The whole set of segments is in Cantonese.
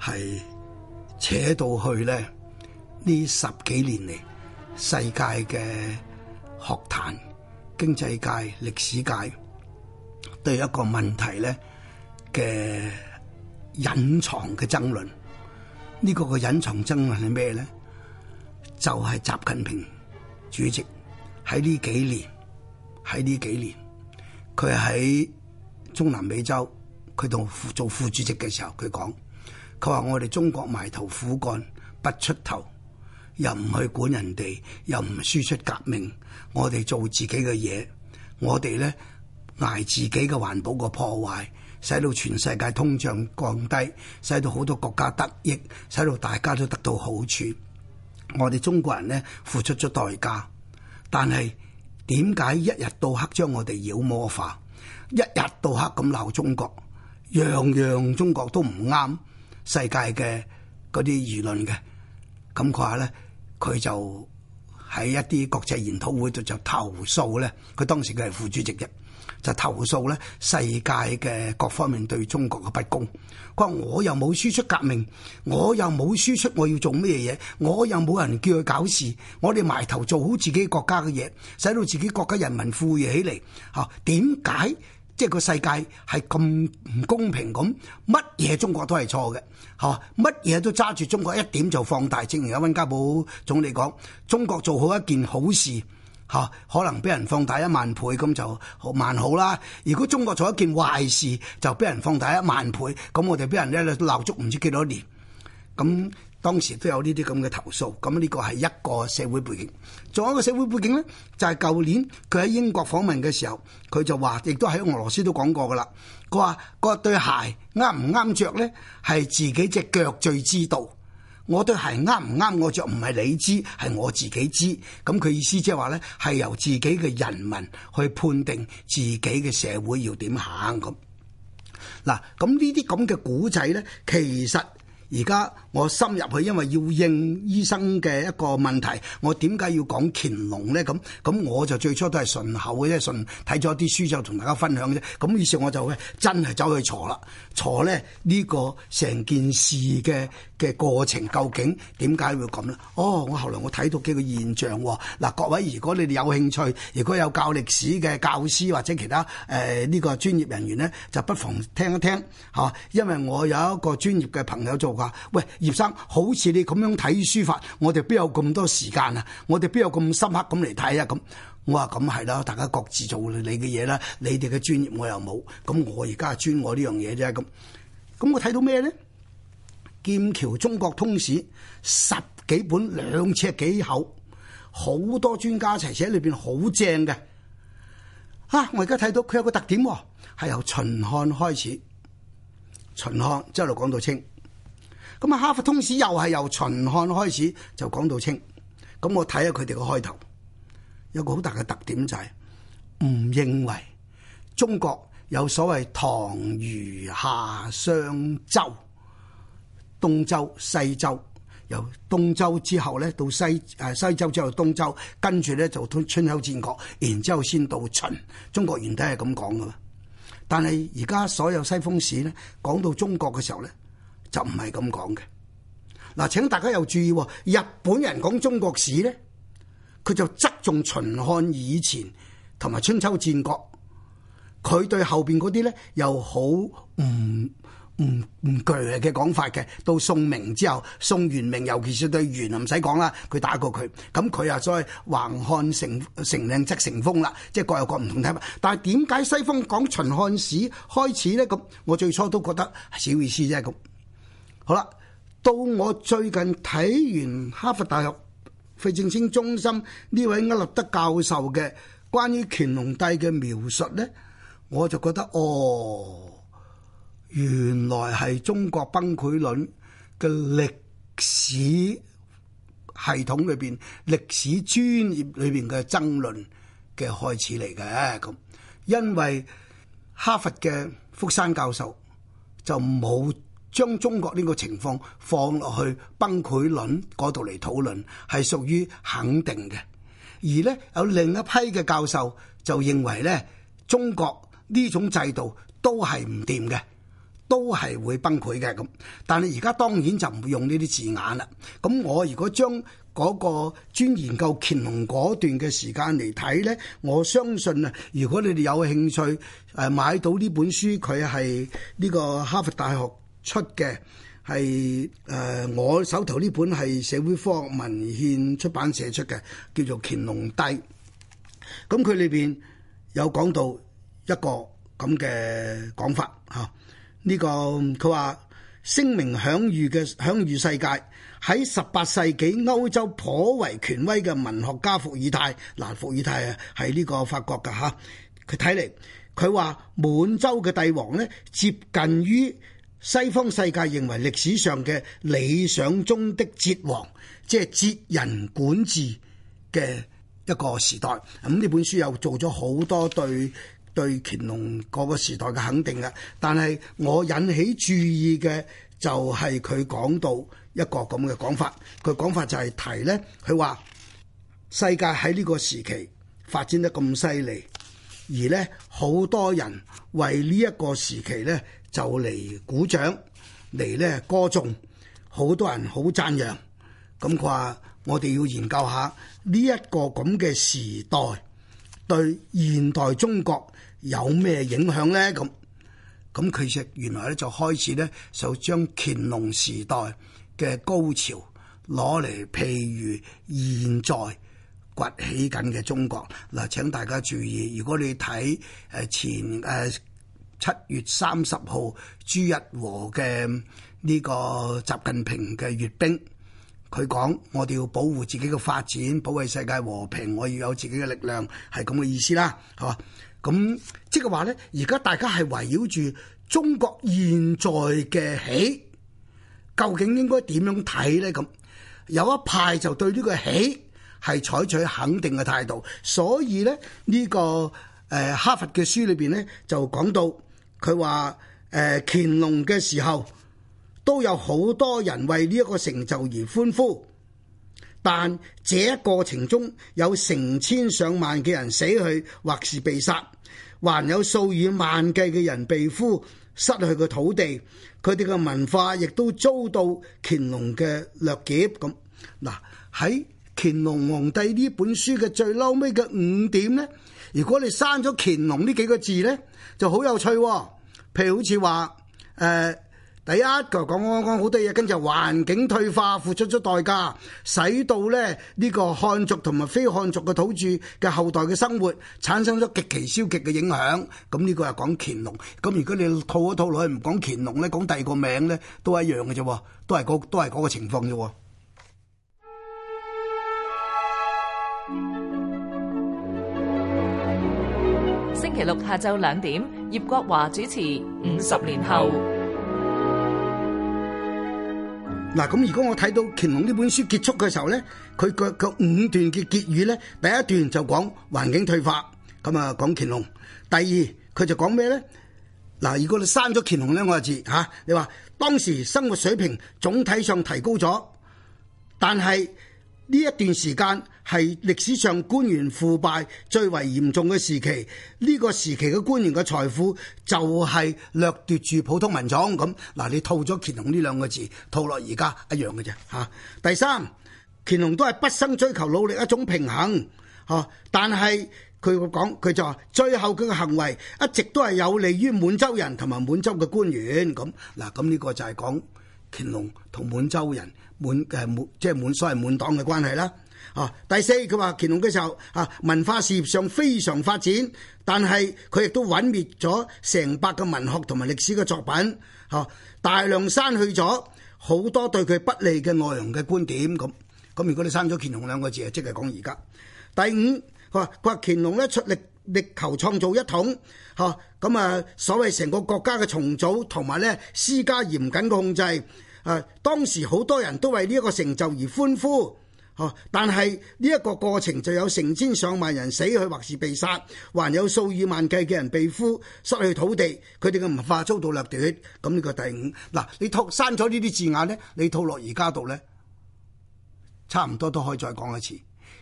係扯到去咧，呢十幾年嚟，世界嘅學壇、經濟界、歷史界，對一個問題咧嘅隱藏嘅爭論，呢、呢個個隱藏爭論係咩咧？就係、是、習近平主席喺呢幾年，喺呢幾年，佢喺中南美洲，佢當做副主席嘅時候，佢講。佢話：我哋中國埋頭苦幹，不出頭，又唔去管人哋，又唔輸出革命。我哋做自己嘅嘢，我哋呢，捱自己嘅環保個破壞，使到全世界通脹降低，使到好多國家得益，使到大家都得到好處。我哋中國人呢，付出咗代價，但係點解一日到黑將我哋妖魔化，一日到黑咁鬧中國，樣樣中國都唔啱？世界嘅嗰啲輿論嘅咁佢話咧，佢就喺一啲國際研討會度就投訴咧。佢當時佢係副主席嘅，就投訴咧世界嘅各方面對中國嘅不公。佢話，我又冇輸出革命，我又冇輸出我要做咩嘢，我又冇人叫佢搞事，我哋埋頭做好自己國家嘅嘢，使到自己國家人民富裕起嚟。吓、啊，點解？即係個世界係咁唔公平咁，乜嘢中國都係錯嘅，嚇！乜嘢都揸住中國一點就放大，正如阿温家寶總理講：中國做好一件好事，嚇可能俾人放大一萬倍，咁就萬好啦。如果中國做一件壞事，就俾人放大一萬倍，咁我哋俾人咧鬧足唔知幾多年，咁。當時都有呢啲咁嘅投訴，咁呢個係一個社會背景。仲有一個社會背景咧，就係、是、舊年佢喺英國訪問嘅時候，佢就話，亦都喺俄羅斯都講過㗎喇。佢話：嗰對鞋啱唔啱着咧，係自己隻腳最知道。我對鞋啱唔啱我着，唔係你知，係我自己知。咁佢意思即係話咧，係由自己嘅人民去判定自己嘅社會要點行咁。嗱，咁呢啲咁嘅古仔咧，其實而家。我深入去，因為要應醫生嘅一個問題，我點解要講乾隆呢？咁咁我就最初都係順口嘅啫，順睇咗啲書就同大家分享嘅。咁於是我就真係走去查啦，查呢呢個成件事嘅嘅過程究竟點解會咁呢？哦，我後來我睇到幾個現象。嗱、哦，各位如果你哋有興趣，如果有教歷史嘅教師或者其他誒呢、呃這個專業人員呢，就不妨聽一聽吓、啊，因為我有一個專業嘅朋友做噶，喂。葉生，好似你咁樣睇書法，我哋邊有咁多時間啊？我哋邊有咁深刻咁嚟睇啊？咁我話咁係啦，大家各自做你嘅嘢啦。你哋嘅專業我又冇，咁我而家專我呢樣嘢啫。咁，咁我睇到咩呢？劍橋中國通史十幾本兩尺幾厚，好多專家齊寫喺裏邊，好正嘅。嚇、啊！我而家睇到佢有個特點、啊，係由秦漢開始，秦漢即係一路講到清。咁啊，哈佛通史又係由秦漢開始就講到清，咁我睇下佢哋個開頭，有個好大嘅特點就係、是、唔認為中國有所謂唐虞、夏商周東周西周，由東周之後咧到西誒、啊、西周之後東周，跟住咧就春秋戰國，然之後先到秦，中國原底係咁講噶喇。但係而家所有西方史咧講到中國嘅時候咧。就唔係咁講嘅嗱。請大家又注意、哦，日本人講中國史呢，佢就側重秦漢以前同埋春秋戰國。佢對後邊嗰啲呢，又好唔唔唔具嘅講法嘅。到宋明之後，宋元明，尤其是對元，唔使講啦，佢打過佢咁，佢又再橫看成成嶺側成峰啦，即係各有各唔同睇法。但係點解西方講秦漢史開始呢？咁我最初都覺得小意思啫。咁。好啦，到我最近睇完哈佛大學費正清中心呢位阿勒德教授嘅關於乾隆帝嘅描述咧，我就覺得哦，原來係中國崩潰論嘅歷史系統裏邊歷史專業裏邊嘅爭論嘅開始嚟嘅咁，因為哈佛嘅福山教授就冇，將中國呢個情況放落去崩潰論嗰度嚟討論，係屬於肯定嘅。而呢，有另一批嘅教授就認為呢中國呢種制度都係唔掂嘅，都係會崩潰嘅咁。但係而家當然就唔會用呢啲字眼啦。咁我如果將嗰個專研究乾隆嗰段嘅時間嚟睇呢，我相信啊，如果你哋有興趣誒買到呢本書，佢係呢個哈佛大學。出嘅係誒，我手頭呢本係社會科學文獻出版社出嘅，叫做《乾隆帝》。咁佢裏邊有講到一個咁嘅講法嚇。呢、啊呢個佢話聲名享譽嘅享譽世界喺十八世紀歐洲頗為權威嘅文學家伏爾泰嗱，伏爾泰啊係呢個法國噶嚇。佢睇嚟佢話滿洲嘅帝王呢，接近於。西方世界認為歷史上嘅理想中的哲王，即係哲人管治嘅一個時代。咁、嗯、呢本書又做咗好多對對乾隆嗰個時代嘅肯定嘅。但係我引起注意嘅就係佢講到一個咁嘅講法。佢講法就係提咧，佢話世界喺呢個時期發展得咁犀利。而咧，好多人為呢一個時期咧，就嚟鼓掌，嚟咧歌頌，好多人好讚揚。咁佢話：我哋要研究下呢一個咁嘅時代對現代中國有咩影響咧？咁咁佢就原來咧就開始咧就將乾隆時代嘅高潮攞嚟譬如現在。崛起緊嘅中國，嗱，請大家注意。如果你睇誒前誒七、呃、月三十號朱日和嘅呢個習近平嘅閱兵，佢講我哋要保護自己嘅發展，保衞世界和平，我要有自己嘅力量，係咁嘅意思啦，係嘛？咁即係話咧，而家大家係圍繞住中國現在嘅起，究竟應該點樣睇咧？咁有一派就對呢個起，係採取肯定嘅態度，所以咧呢個誒哈佛嘅書裏邊呢，就講到，佢話誒乾隆嘅時候都有好多人為呢一個成就而歡呼，但這一過程中有成千上萬嘅人死去或是被殺，還有數以萬計嘅人被俘，失去嘅土地，佢哋嘅文化亦都遭到乾隆嘅掠劫。咁嗱喺乾隆皇帝呢本書嘅最嬲尾嘅五點咧，如果你刪咗乾隆呢幾個字咧，就好有趣，哦。譬如好似話，誒、呃，第一就講講講好多嘢，跟住環境退化，付出咗代價，使到咧呢、這個漢族同埋非漢族嘅土著嘅後代嘅生活產生咗極其消極嘅影響。咁呢個係講乾隆。咁如果你套一套落去唔講乾隆咧，講第二個名咧都一樣嘅啫，都係、那個、都係嗰個情況啫。星期六下晝兩點，葉國華主持《五十年後》。嗱，咁如果我睇到《乾隆》呢本書結束嘅時候咧，佢個個五段嘅結語咧，第一段就講環境退化，咁啊講乾隆。第二，佢就講咩咧？嗱，如果你刪咗《乾隆》咧，我就知吓。你話當時生活水平總體上提高咗，但係。呢一段時間係歷史上官員腐敗最為嚴重嘅時期，呢個時期嘅官員嘅財富就係掠奪住普通民眾咁。嗱，你套咗乾隆呢兩個字，套落而家一樣嘅啫。嚇、啊，第三，乾隆都係畢生追求努力一種平衡，嚇、啊。但係佢講佢就話，最後佢嘅行為一直都係有利於滿洲人同埋滿洲嘅官員。咁嗱，咁呢個就係講。乾隆同滿洲人滿嘅、呃、滿即係滿所謂滿黨嘅關係啦。啊，第四，佢話乾隆嘅時候啊，文化事業上非常發展，但係佢亦都毀滅咗成百個文學同埋歷史嘅作品，嚇、啊、大量刪去咗好多對佢不利嘅內容嘅觀點咁。咁如果你刪咗乾隆兩個字，即係講而家。第五，佢話佢話乾隆咧出力。力求創造一統，嚇咁啊！所謂成個國家嘅重組，同埋咧施加嚴謹嘅控制。誒、啊，當時好多人都為呢一個成就而歡呼，嚇、啊！但係呢一個過程就有成千上萬人死去或是被殺，還有數以萬計嘅人被俘，失去土地，佢哋嘅文化遭到掠奪。咁呢個第五嗱、啊，你套刪咗呢啲字眼咧，你套落而家度咧，差唔多都可以再講一次。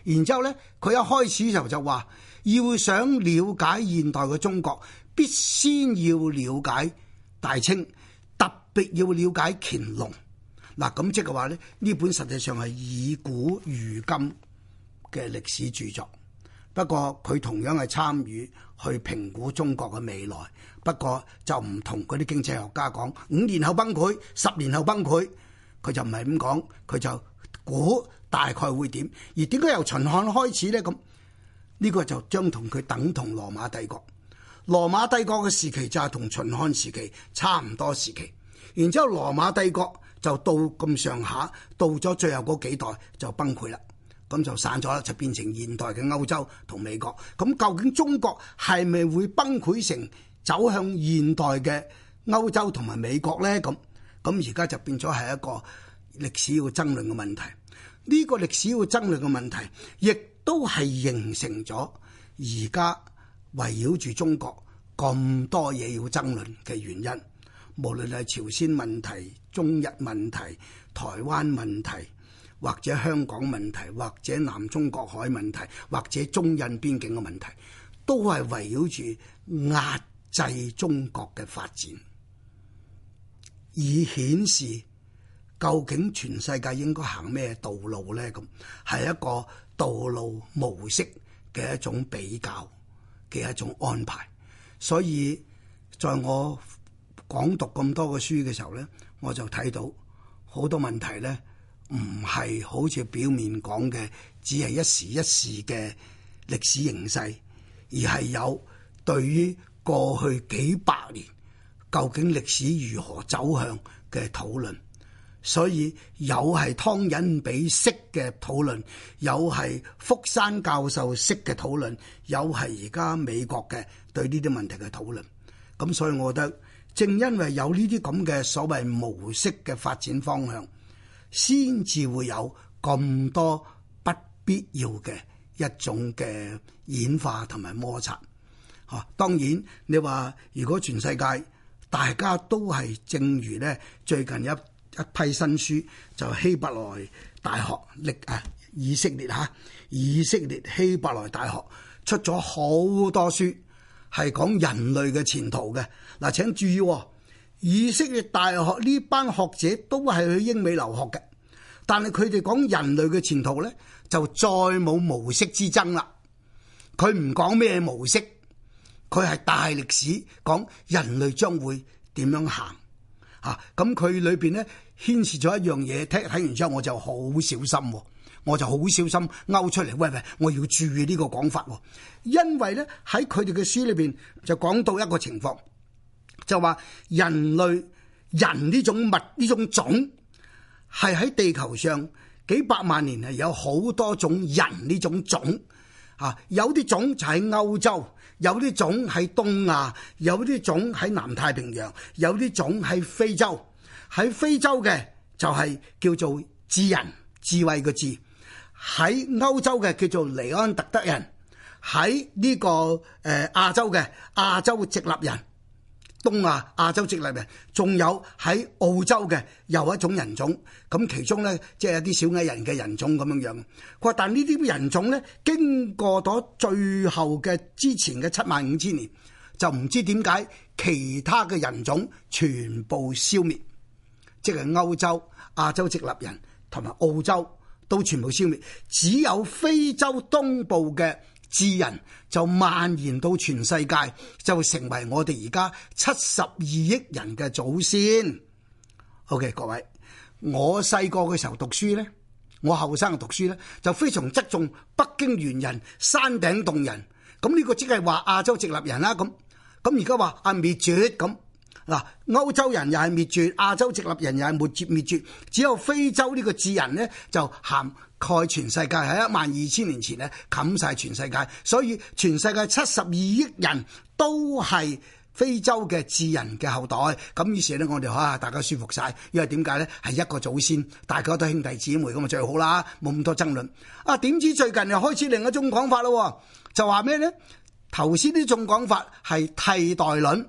然之後咧，佢一開始時候就話，要想了解現代嘅中國，必先要了解大清，特別要了解乾隆。嗱，咁即係話咧，呢本實際上係以古喻今嘅歷史著作。不過佢同樣係參與去評估中國嘅未來。不過就唔同嗰啲經濟學家講五年後崩潰，十年後崩潰，佢就唔係咁講，佢就。哦，大概會點？而點解由秦漢開始呢？咁呢個就將同佢等同羅馬帝國。羅馬帝國嘅時期就係同秦漢時期差唔多時期。然之後羅馬帝國就到咁上下，到咗最後嗰幾代就崩潰啦。咁就散咗，就變成現代嘅歐洲同美國。咁究竟中國係咪會崩潰成走向現代嘅歐洲同埋美國呢？咁咁而家就變咗係一個歷史要爭論嘅問題。呢個歷史要爭論嘅問題，亦都係形成咗而家圍繞住中國咁多嘢要爭論嘅原因。無論係朝鮮問題、中日問題、台灣問題，或者香港問題，或者南中國海問題，或者中印邊境嘅問題，都係圍繞住壓制中國嘅發展，以顯示。究竟全世界應該行咩道路咧？咁係一個道路模式嘅一種比較嘅一種安排。所以在我講讀咁多嘅書嘅時候咧，我就睇到好多問題咧，唔係好似表面講嘅，只係一時一時嘅歷史形勢，而係有對於過去幾百年究竟歷史如何走向嘅討論。所以有係湯恩比式嘅討論，有係福山教授式嘅討論，有係而家美國嘅對呢啲問題嘅討論。咁所以，我覺得正因為有呢啲咁嘅所謂模式嘅發展方向，先至會有咁多不必要嘅一種嘅演化同埋摩擦。嚇，當然你話如果全世界大家都係正如咧最近一。一批新書就希伯來大學，歷啊以色列嚇，以色列希伯來大學出咗好多書，係講人類嘅前途嘅。嗱，請注意，以色列大學呢班學者都係去英美留學嘅，但係佢哋講人類嘅前途咧，就再冇模式之爭啦。佢唔講咩模式，佢係大歷史講人類將會點樣行啊。咁佢裏邊咧。牽涉咗一樣嘢，聽睇完之後我就好小心、哦，我就好小心勾出嚟。喂喂，我要注意呢個講法、哦，因為咧喺佢哋嘅書裏邊就講到一個情況，就話人類人呢種物呢種種係喺地球上幾百萬年啊，有好多種人呢種種啊，有啲種就喺歐洲，有啲種喺東亞，有啲種喺南太平洋，有啲種喺非洲。喺非洲嘅就係叫做智人，智慧個智。喺歐洲嘅叫做尼安特德人，喺呢個誒、呃、亞洲嘅亞洲直立人，東亞亞洲直立人，仲有喺澳洲嘅又一種人種，咁其中咧即係一啲小矮人嘅人種咁樣樣，佢話但呢啲人種咧經過咗最後嘅之前嘅七萬五千年，就唔知點解其他嘅人種全部消滅。即係歐洲、亞洲直立人同埋澳洲都全部消滅，只有非洲東部嘅智人就蔓延到全世界，就成為我哋而家七十二億人嘅祖先。OK，各位，我細個嘅時候讀書咧，我後生嘅讀書咧，就非常側重北京猿人、山頂洞人。咁呢個即係話亞洲直立人啦。咁咁而家話阿滅絕咁。嗱，歐洲人又係滅絕，亞洲直立人又係滅絕，只有非洲呢個智人呢，就涵蓋全世界，喺一萬二千年前呢，冚晒全世界，所以全世界七十二億人都係非洲嘅智人嘅後代。咁於是呢，我哋嚇、啊、大家舒服晒，因為點解呢？係一個祖先，大家都兄弟姊妹咁啊，最好啦，冇咁多爭論。啊，點知最近又開始另一種講法咯。就話咩呢？頭先呢種講法係替代論，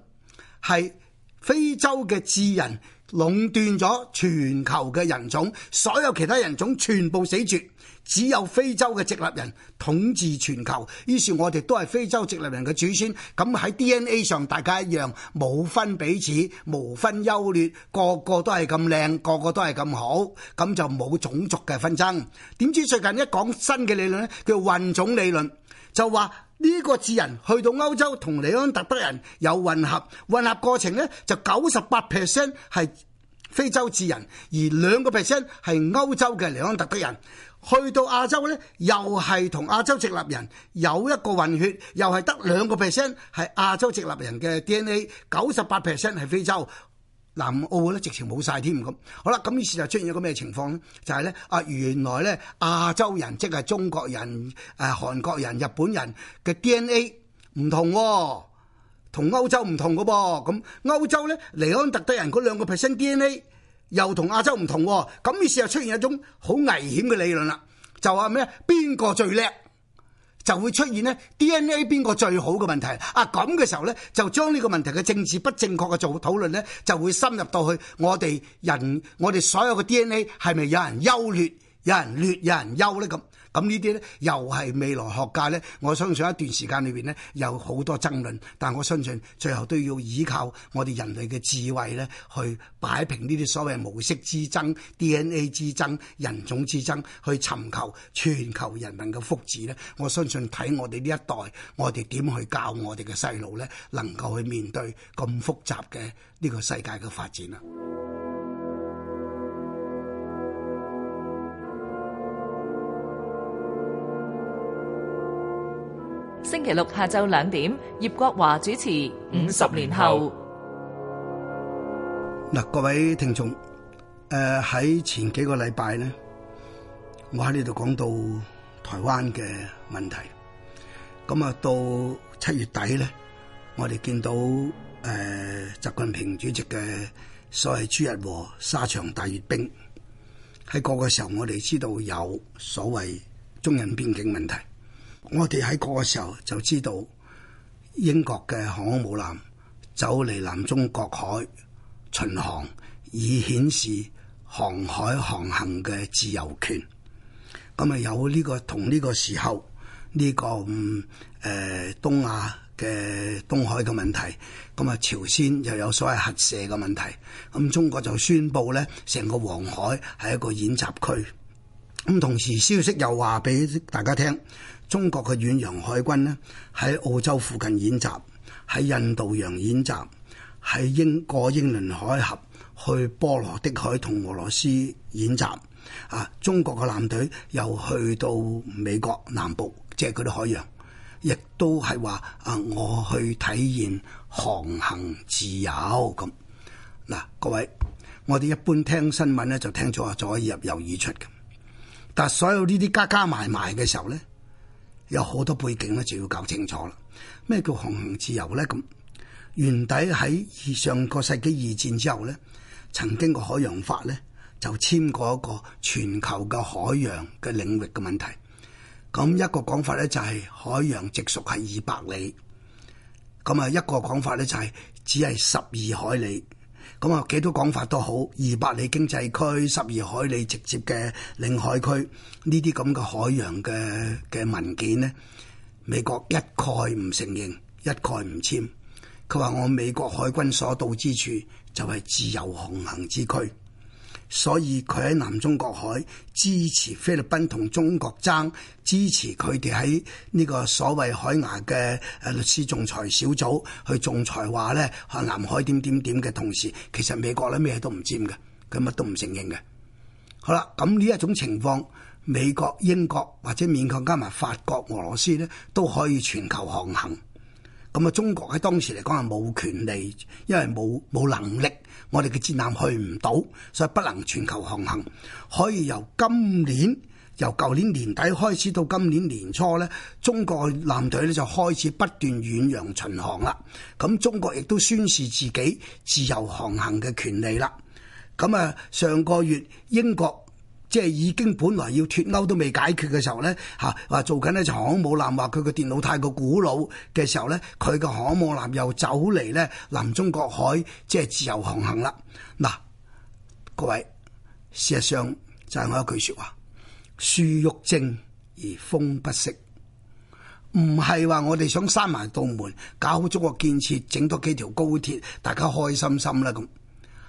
係。非洲嘅智人壟斷咗全球嘅人種，所有其他人種全部死絕，只有非洲嘅直立人統治全球。於是我哋都係非洲直立人嘅祖先，咁喺 DNA 上大家一樣，冇分彼此，無分優劣，個個都係咁靚，個個都係咁好，咁就冇種族嘅紛爭。點知最近一講新嘅理論咧，叫混種理論，就話。呢個智人去到歐洲同尼安特德人有混合，混合過程呢就九十八 percent 係非洲智人，而兩個 percent 係歐洲嘅尼安特德人。去到亞洲呢，又係同亞洲直立人有一個混血，又係得兩個 percent 係亞洲直立人嘅 DNA，九十八 percent 係非洲。南澳咧直情冇晒添咁，好啦，咁於是就出現咗個咩情況咧？就係、是、咧，啊原來咧亞洲人即係中國人、誒、呃、韓國人、日本人嘅 DNA 唔同喎、哦，同歐洲唔同嘅噃、哦，咁歐洲咧尼安特德，德，德人嗰兩個 percent DNA 又同亞洲唔同、哦，咁於是就出現一種好危險嘅理論啦，就話咩邊個最叻？就會出現咧 DNA 邊個最好嘅問題啊！咁嘅時候咧，就將呢個問題嘅政治不正確嘅做討論咧，就會深入到去我哋人，我哋所有嘅 DNA 係咪有人優劣，有人劣，有人優咧咁？咁呢啲呢，又係未來學界呢。我相信一段時間裏邊呢，有好多爭論。但我相信最後都要依靠我哋人類嘅智慧呢，去擺平呢啲所謂模式之爭、DNA 之爭、人種之爭，去尋求全球人民嘅福祉呢。我相信睇我哋呢一代，我哋點去教我哋嘅細路呢，能夠去面對咁複雜嘅呢個世界嘅發展啊！星期六下晝兩點，葉國華主持《五十年後》。嗱，各位聽眾，誒、呃、喺前幾個禮拜咧，我喺呢度講到台灣嘅問題，咁啊到七月底咧，我哋見到誒、呃、習近平主席嘅所謂朱日和沙場大閱兵，喺個時候我哋知道有所謂中印邊境問題。我哋喺嗰個時候就知道英國嘅航空母艦走嚟南中國海巡航，以顯示航海航行嘅自由權。咁啊、這個，有呢個同呢個時候呢、這個誒、嗯呃、東亞嘅東海嘅問題，咁啊朝鮮又有所謂核射嘅問題。咁中國就宣布咧，成個黃海係一個演習區。咁同時消息又話俾大家聽。中國嘅遠洋海軍咧，喺澳洲附近演習，喺印度洋演習，喺英國英倫海峽去波羅的海同俄羅斯演習啊。中國嘅艦隊又去到美國南部，即係嗰啲海洋，亦都係話啊，我去體驗航行自由咁嗱、啊。各位，我哋一般聽新聞呢，就聽咗左耳入右耳出嘅，但所有呢啲加加埋埋嘅時候呢。有好多背景咧，就要搞清楚啦。咩叫航行自由咧？咁原底喺上個世紀二戰之後咧，曾經個海洋法咧就簽過一個全球嘅海洋嘅領域嘅問題。咁一個講法咧就係海洋直屬係二百里，咁啊一個講法咧就係只係十二海里。咁啊，幾多講法都好，二百里經濟區，十二海里直接嘅領海區呢啲咁嘅海洋嘅嘅文件咧，美國一概唔承認，一概唔簽，佢話我美國海軍所到之處就係自由航行之區。所以佢喺南中國海支持菲律賓同中國爭，支持佢哋喺呢個所謂海牙嘅誒律師仲裁小組去仲裁話呢，南海點點點嘅同時，其實美國咧咩都唔佔嘅，佢乜都唔承認嘅。好啦，咁呢一種情況，美國、英國或者勉強加埋法國、俄羅斯呢都可以全球航行。咁啊！中國喺當時嚟講，係冇權利，因為冇冇能力，我哋嘅戰艦去唔到，所以不能全球航行。可以由今年，由舊年年底開始到今年年初咧，中國艦隊咧就開始不斷遠洋巡航啦。咁中國亦都宣示自己自由航行嘅權利啦。咁啊，上個月英國。即係已經本來要脱歐都未解決嘅時候咧，嚇、啊、話做緊呢就航母艦，話佢個電腦太過古老嘅時候咧，佢個航母艦又走嚟咧，南中國海即係自由航行啦。嗱、啊，各位事實上就係我一句説話：樹欲靜而風不息，唔係話我哋想閂埋道門，搞好中國建設，整多幾條高鐵，大家開心心啦咁，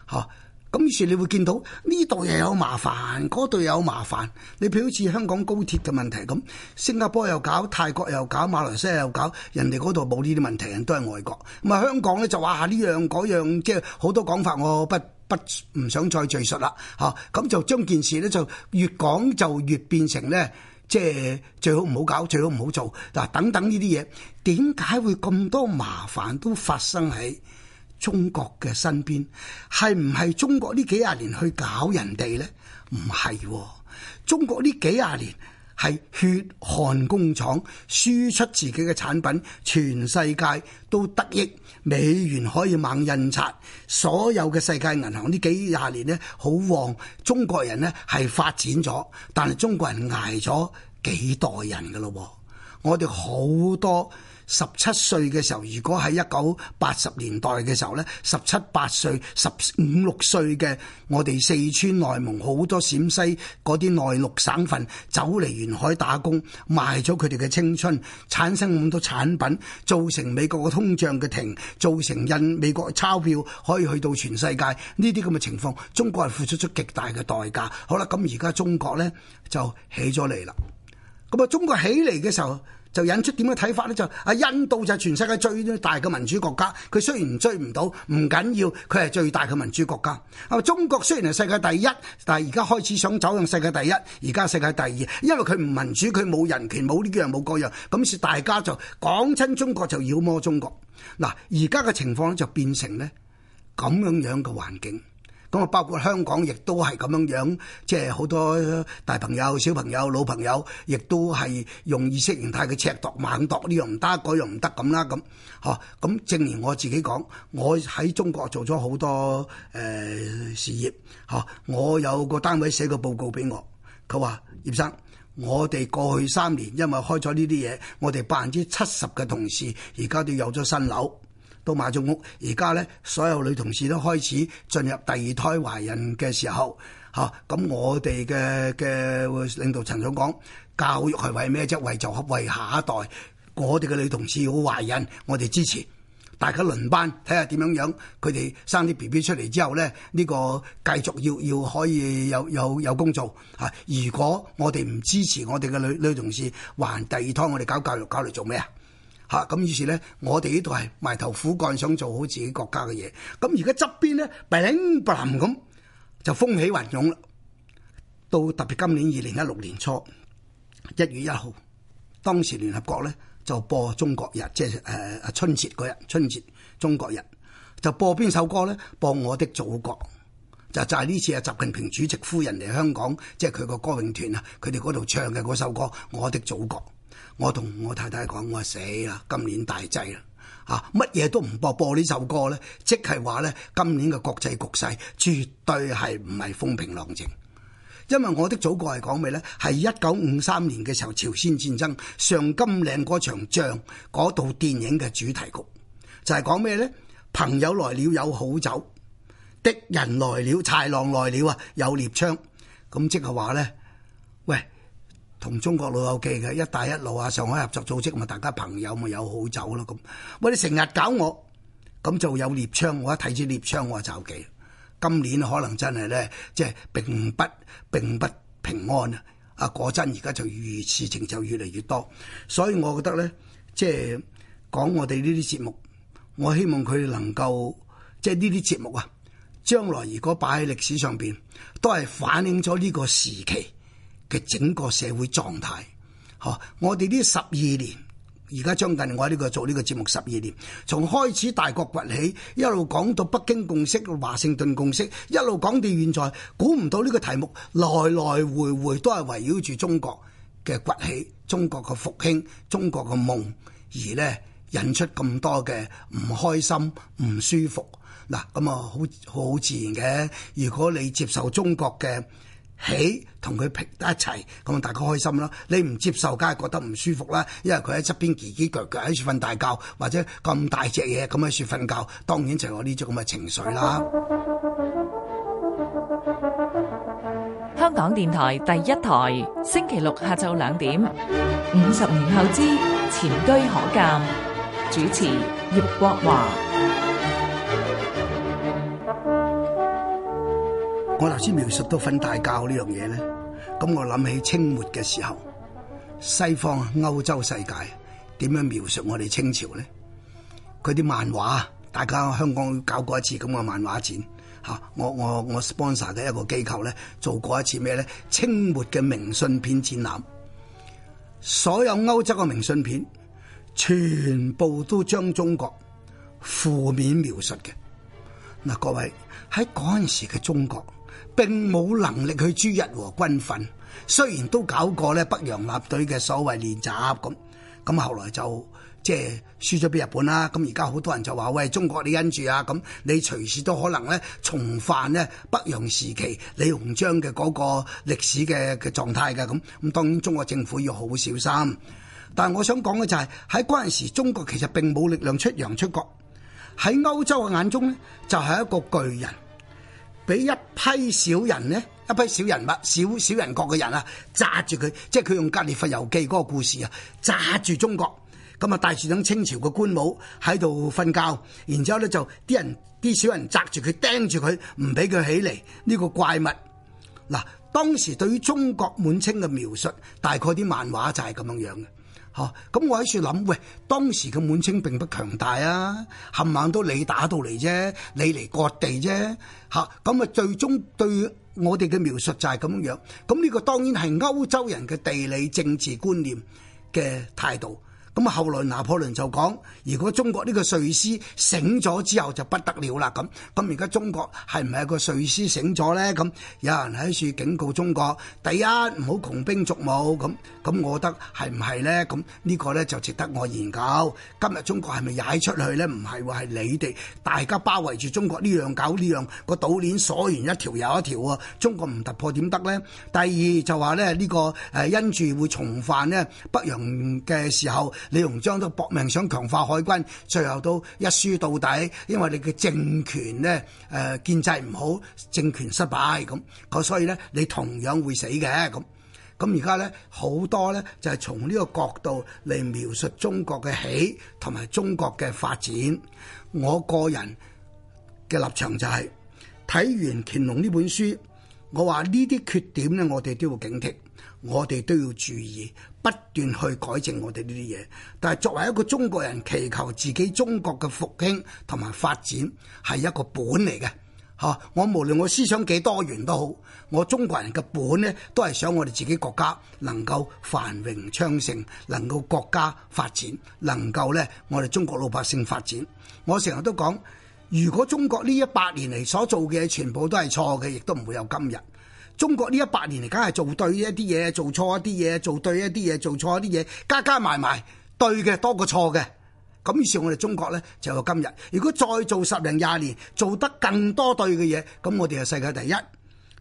嚇、啊。咁於是你會見到呢度又有麻煩，嗰度又有麻煩。你譬如好似香港高鐵嘅問題咁，新加坡又搞，泰國又搞，馬來西亞又搞，人哋嗰度冇呢啲問題，人都係外國。咁啊香港咧就話啊，呢樣嗰樣，即係好多講法，我不不唔想再敘述啦。嚇、啊，咁就將件事咧就越講就越變成咧，即係最好唔好搞，最好唔好做嗱等等呢啲嘢。點解會咁多麻煩都發生喺中國嘅身邊係唔係中國呢幾廿年去搞人哋呢？唔係喎，中國呢幾廿年係血汗工廠輸出自己嘅產品，全世界都得益。美元可以猛印刷，所有嘅世界銀行呢幾廿年呢，好旺。中國人呢係發展咗，但係中國人捱咗幾代人噶咯。我哋好多。十七歲嘅時候，如果喺一九八十年代嘅時候呢，十七八歲、十五六歲嘅我哋四川、內蒙好多陝西嗰啲內陸省份走嚟沿海打工，賣咗佢哋嘅青春，產生咁多產品，造成美國嘅通脹嘅停，造成印美國鈔票可以去到全世界呢啲咁嘅情況，中國係付出咗極大嘅代價。好啦，咁而家中國呢，就起咗嚟啦。咁啊，中國起嚟嘅時候。就引出點樣睇法咧？就阿印度就係全世界最大嘅民主國家，佢雖然追唔到，唔緊要，佢係最大嘅民主國家。啊，中國雖然係世界第一，但係而家開始想走向世界第一，而家世界第二，因為佢唔民主，佢冇人權，冇呢樣冇嗰樣，咁是大家就講親中國就妖魔中國。嗱、啊，而家嘅情況就變成咧咁樣樣嘅環境。咁啊，包括香港亦都係咁樣樣，即係好多大朋友、小朋友、老朋友，亦都係用意識形態嘅尺度、盲度，呢樣唔得，嗰樣唔得咁啦，咁嚇咁。正如我自己講，我喺中國做咗好多誒、呃、事業嚇，我有個單位寫個報告俾我，佢話葉生，我哋過去三年因為開咗呢啲嘢，我哋百分之七十嘅同事而家都有咗新樓。都買咗屋，而家咧所有女同事都開始進入第二胎懷孕嘅時候，嚇、啊、咁我哋嘅嘅領導陳總講，教育係為咩啫？為就合為下一代。我哋嘅女同事要懷孕，我哋支持，大家輪班睇下點樣樣。佢哋生啲 BB 出嚟之後咧，呢個繼續要要可以有有有工做嚇、啊。如果我哋唔支持我哋嘅女女同事懷第二胎，我哋搞教育搞嚟做咩啊？吓！咁於是咧，我哋呢度係埋頭苦幹，想做好自己國家嘅嘢。咁而家側邊咧 boom boom 咁就風起雲湧啦。到特別今年二零一六年初一月一號，當時聯合國咧就播中國日，即係誒春節嗰日，春節中國日就播邊首歌咧？播我的祖國。就就係呢次啊，習近平主席夫人嚟香港，即係佢個歌詠團啊，佢哋嗰度唱嘅嗰首歌《我的祖國》。就是我同我太太講，我死啦，今年大掣啦，啊，乜嘢都唔播，播呢首歌咧？即係話咧，今年嘅國際局勢絕對係唔係風平浪靜，因為我的祖國係講咩咧？係一九五三年嘅時候，朝鮮戰爭上金嶺嗰場仗，嗰部電影嘅主題曲就係講咩咧？朋友來了有好酒，敵人來了豺狼來了啊，有獵槍，咁即係話咧，喂。同中國老友記嘅一帶一路啊，上海合作組織，咪大家朋友咪有好酒咯咁。喂，你成日搞我，咁就有獵槍，我一睇住獵槍我就走記。今年可能真係咧，即係並不並不平安啊！啊，果真而家就越事情就越嚟越多，所以我覺得咧，即係講我哋呢啲節目，我希望佢能夠即係呢啲節目啊，將來如果擺喺歷史上邊，都係反映咗呢個時期。嘅整個社會狀態，嗬！我哋呢十二年，而家將近我、這個，我呢個做呢個節目十二年，從開始大國崛起一路講到北京共識、華盛頓共識，一路講到現在，估唔到呢個題目來來回回都係圍繞住中國嘅崛起、中國嘅復興、中國嘅夢而呢引出咁多嘅唔開心、唔舒服。嗱，咁啊，好好自然嘅。如果你接受中國嘅，起同佢劈得一齊，咁大家開心啦！你唔接受梗係覺得唔舒服啦，因為佢喺側邊攰攰腳腳喺處瞓大覺，或者咁大隻嘢咁喺處瞓覺，當然就係我呢種咁嘅情緒啦。香港電台第一台，星期六下晝兩點，五十年後之前車可鑑，主持葉國華。我頭先描述到瞓大覺呢樣嘢咧，咁我諗起清末嘅時候，西方歐洲世界點樣描述我哋清朝咧？佢啲漫畫，大家香港搞過一次咁嘅漫畫展，吓，我我我 sponsor 嘅一個機構咧，做過一次咩咧？清末嘅明信片展覽，所有歐洲嘅明信片，全部都將中國負面描述嘅。嗱，各位喺嗰陣時嘅中國。並冇能力去誅日和軍訓，雖然都搞過咧北洋艦隊嘅所謂練習咁，咁後來就即係輸咗俾日本啦。咁而家好多人就話喂，中國你因住啊，咁你隨時都可能咧重犯咧北洋時期李鴻章嘅嗰個歷史嘅嘅狀態嘅咁，咁當然中國政府要好小心。但係我想講嘅就係喺嗰陣時，中國其實並冇力量出洋出國，喺歐洲嘅眼中咧就係、是、一個巨人。俾一批小人呢，一批小人物、小小人國嘅人啊，紮住佢，即係佢用《格列佛遊記》嗰個故事啊，紮住中國，咁啊，戴住等清朝嘅官帽喺度瞓覺，然之後咧就啲人啲小人紮住佢，盯住佢，唔俾佢起嚟呢個怪物。嗱，當時對於中國滿清嘅描述，大概啲漫畫就係咁樣樣嘅。哦，咁、啊、我喺處諗，喂，當時嘅滿清並不強大啊，冚唪唥都你打到嚟啫，你嚟割地啫，嚇，咁啊，最終對我哋嘅描述就係咁樣。咁呢個當然係歐洲人嘅地理政治觀念嘅態度。咁啊！後來拿破崙就講：如果中國呢個睡獅醒咗之後就不得了啦咁。咁而家中國係唔係個睡獅醒咗呢？咁有人喺處警告中國：第一唔好窮兵黷武咁。咁我覺得係唔係呢？咁呢個呢，就值得我研究。今日中國係咪踩出去呢？唔係話係你哋大家包圍住中國呢樣搞呢樣、個島鏈鎖完一條又一條喎。中國唔突破點得呢？第二就話呢，呢個誒因住會重返呢北洋嘅時候。李鴻章都搏命想強化海軍，最後都一輸到底，因為你嘅政權咧誒、呃、建制唔好，政權失敗，咁，咁所以咧你同樣會死嘅咁。咁而家咧好多咧就係從呢個角度嚟描述中國嘅起同埋中國嘅發展。我個人嘅立場就係、是、睇完乾隆呢本書，我話呢啲缺點咧，我哋都要警惕。我哋都要注意，不斷去改正我哋呢啲嘢。但係作為一個中國人，祈求自己中國嘅復興同埋發展係一個本嚟嘅吓，我無論我思想幾多元都好，我中國人嘅本咧都係想我哋自己國家能夠繁榮昌盛，能夠國家發展，能夠咧我哋中國老百姓發展。我成日都講，如果中國呢一百年嚟所做嘅嘢全部都係錯嘅，亦都唔會有今日。中國呢一百年嚟，梗係做對一啲嘢，做錯一啲嘢，做對一啲嘢，做錯一啲嘢，加加埋埋，對嘅多過錯嘅。咁於是我哋中國呢，就有今日，如果再做十零廿年，做得更多對嘅嘢，咁我哋係世界第一。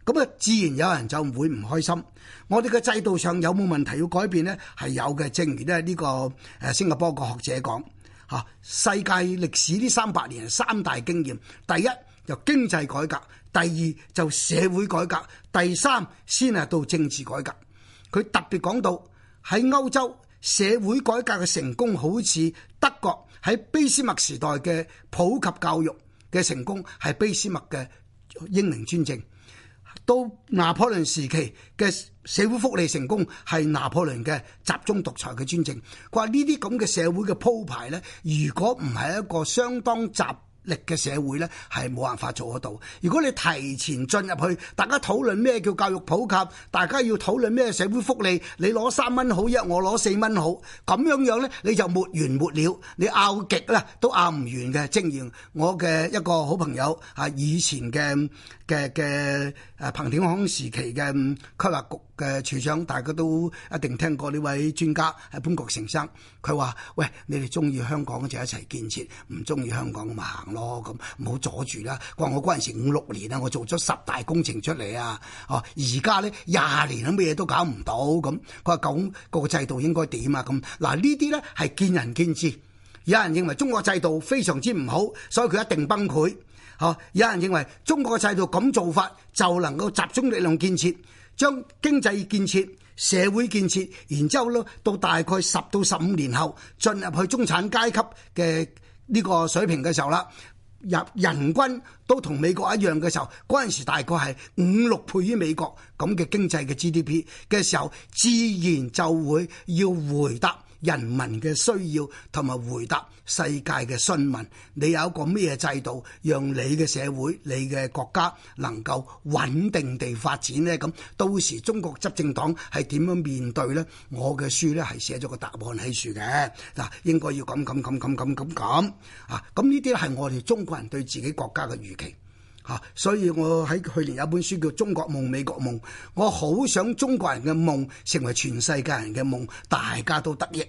咁啊，自然有人就唔會唔開心。我哋嘅制度上有冇問題要改變呢？係有嘅。正如咧呢個誒新加坡個學者講吓，世界歷史呢三百年三大經驗，第一就經濟改革。第二就社會改革，第三先係到政治改革。佢特別講到喺歐洲社會改革嘅成功，好似德國喺俾斯麥時代嘅普及教育嘅成功，係俾斯麥嘅英明專政；到拿破崙時期嘅社會福利成功，係拿破崙嘅集中獨裁嘅專政。佢話呢啲咁嘅社會嘅鋪排咧，如果唔係一個相當集力嘅社會呢，係冇辦法做得到。如果你提前進入去，大家討論咩叫教育普及，大家要討論咩社會福利，你攞三蚊好，一我攞四蚊好，咁樣樣呢你就沒完沒了，你拗極啦都拗唔完嘅。正如我嘅一個好朋友係以前嘅。嘅嘅，彭定康時期嘅規劃局嘅處長，大家都一定聽過呢位專家，係潘國成生。佢話：喂，你哋中意香港就一齊建設，唔中意香港咁咪行咯，咁唔好阻住啦。佢話：我嗰陣時五六年啦，我做咗十大工程出嚟啊，哦，而家呢，廿年啦，乜嘢都搞唔到咁。佢話：究竟，個制度應該點啊？咁嗱，啊、呢啲咧係見仁見智。有人認為中國制度非常之唔好，所以佢一定崩潰。有人認為中國嘅制度咁做法，就能夠集中力量建設，將經濟建設、社會建設，然之後咯，到大概十到十五年後，進入去中產階級嘅呢個水平嘅時候啦，入人均都同美國一樣嘅時候，嗰陣時大概係五六倍於美國咁嘅經濟嘅 GDP 嘅時候，自然就會要回答。人民嘅需要同埋回答世界嘅詢問，你有一個咩制度，讓你嘅社會、你嘅國家能夠穩定地發展咧？咁到時中國執政黨係點樣面對咧？我嘅書咧係寫咗個答案喺書嘅嗱，應該要咁咁咁咁咁咁咁啊！咁呢啲係我哋中國人對自己國家嘅預期。所以，我喺去年有本書叫《中國夢》、《美國夢》，我好想中國人嘅夢成為全世界人嘅夢，大家都得益嚇、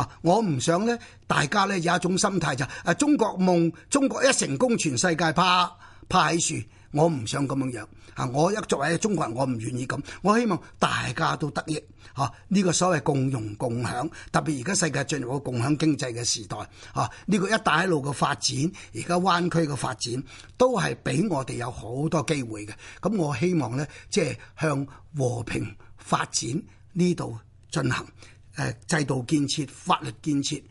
啊。我唔想咧，大家咧有一種心態、就是，就、啊、誒中國夢，中國一成功，全世界趴趴喺樹。我唔想咁樣樣啊！我一作為中國人，我唔願意咁。我希望大家都得益嚇。呢個所謂共融共享，特別而家世界進入個共享經濟嘅時代嚇。呢個一帶一路嘅發展，而家灣區嘅發展，都係俾我哋有好多機會嘅。咁我希望咧，即係向和平發展呢度進行誒制度建設、法律建設。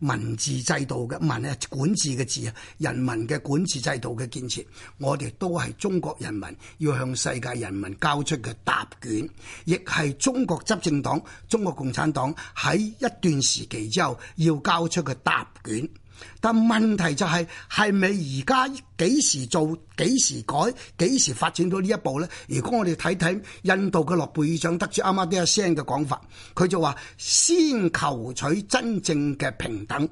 文字制度嘅文咧，管治嘅治啊，人民嘅管治制度嘅建設，我哋都係中國人民要向世界人民交出嘅答卷，亦係中國執政黨、中國共產黨喺一段時期之後要交出嘅答卷。但問題就係、是，係咪而家幾時做，幾時改，幾時發展到呢一步咧？如果我哋睇睇印度嘅諾貝爾獎得主阿馬蒂亞森嘅講法，佢就話先求取真正嘅平等，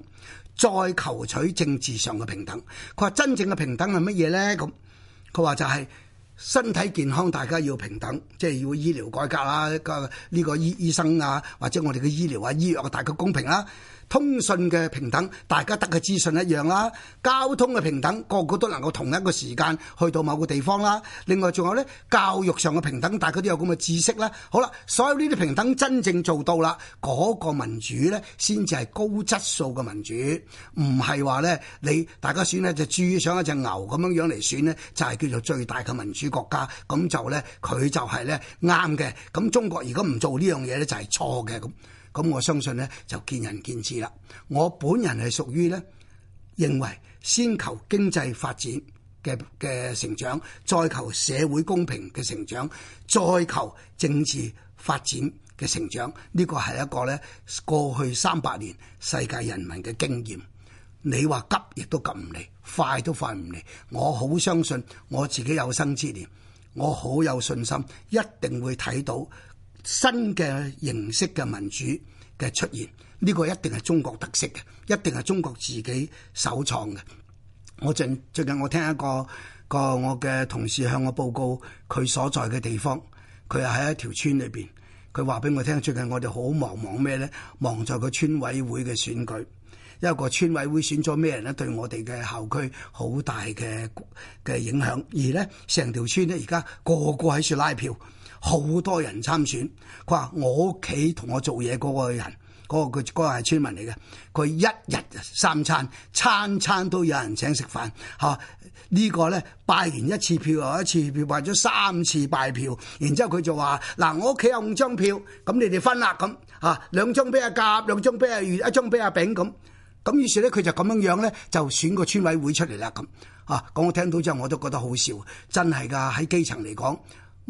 再求取政治上嘅平等。佢話真正嘅平等係乜嘢咧？咁佢話就係身體健康大家要平等，即係要醫療改革啦，個、這、呢個醫醫生啊，或者我哋嘅醫療啊、醫藥啊，大家公平啦。通訊嘅平等，大家得嘅資訊一樣啦；交通嘅平等，個個都能夠同一個時間去到某個地方啦。另外仲有呢，教育上嘅平等，大家都有咁嘅知識啦。好啦，所有呢啲平等真正做到啦，嗰、那個民主呢，先至係高質素嘅民主，唔係話呢，你大家選呢，就注意上一隻牛咁樣樣嚟選呢，就係、是、叫做最大嘅民主國家。咁就呢，佢就係呢啱嘅。咁中國如果唔做呢樣嘢呢，就係錯嘅咁。咁我相信呢，就見仁見智啦。我本人係屬於呢，認為先求經濟發展嘅嘅成長，再求社會公平嘅成長，再求政治發展嘅成長。呢個係一個呢，過去三百年世界人民嘅經驗。你話急亦都急唔嚟，快都快唔嚟。我好相信我自己有生之年，我好有信心，一定會睇到。新嘅形式嘅民主嘅出現呢、呢個一定係中國特色嘅，一定係中國自己首創嘅。我最最近我聽一個一個我嘅同事向我報告，佢所在嘅地方，佢係喺一條村裏邊，佢話俾我聽，最近我哋好忙，忙，忙咩咧？望咗個村委會嘅選舉，因為個村委會選咗咩人咧，對我哋嘅校區好大嘅嘅影響，嗯、而咧，成條村咧，而家個個喺處拉票。好多人參選，佢話我屋企同我做嘢嗰個人，嗰個佢嗰個係村民嚟嘅，佢一日三餐，餐餐都有人請食飯，嚇、啊這個、呢個咧拜完一次票又一次票，拜咗三次拜票，然之後佢就話嗱我屋企有五張票，咁你哋分啦咁嚇兩張俾阿甲，兩張俾阿乙，一張俾阿丙咁，咁、啊、於是咧佢就咁樣樣咧就選個村委會出嚟啦咁，啊講我聽到之後我都覺得好笑，真係㗎喺基層嚟講。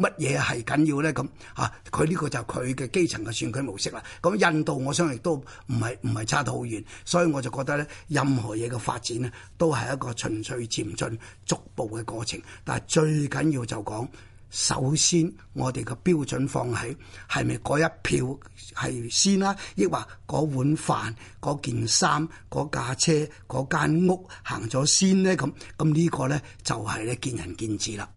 乜嘢係緊要咧？咁嚇佢呢個就係佢嘅基層嘅選舉模式啦。咁、嗯、印度我相信亦都唔係唔係差得好遠，所以我就覺得咧，任何嘢嘅發展呢，都係一個循序漸進、逐步嘅過程。但係最緊要就講，首先我哋嘅標準放喺係咪嗰一票係先啦、啊，抑或嗰碗飯、嗰件衫、嗰架車、嗰間屋行咗先咧？咁咁呢個咧就係、是、咧見仁見智啦。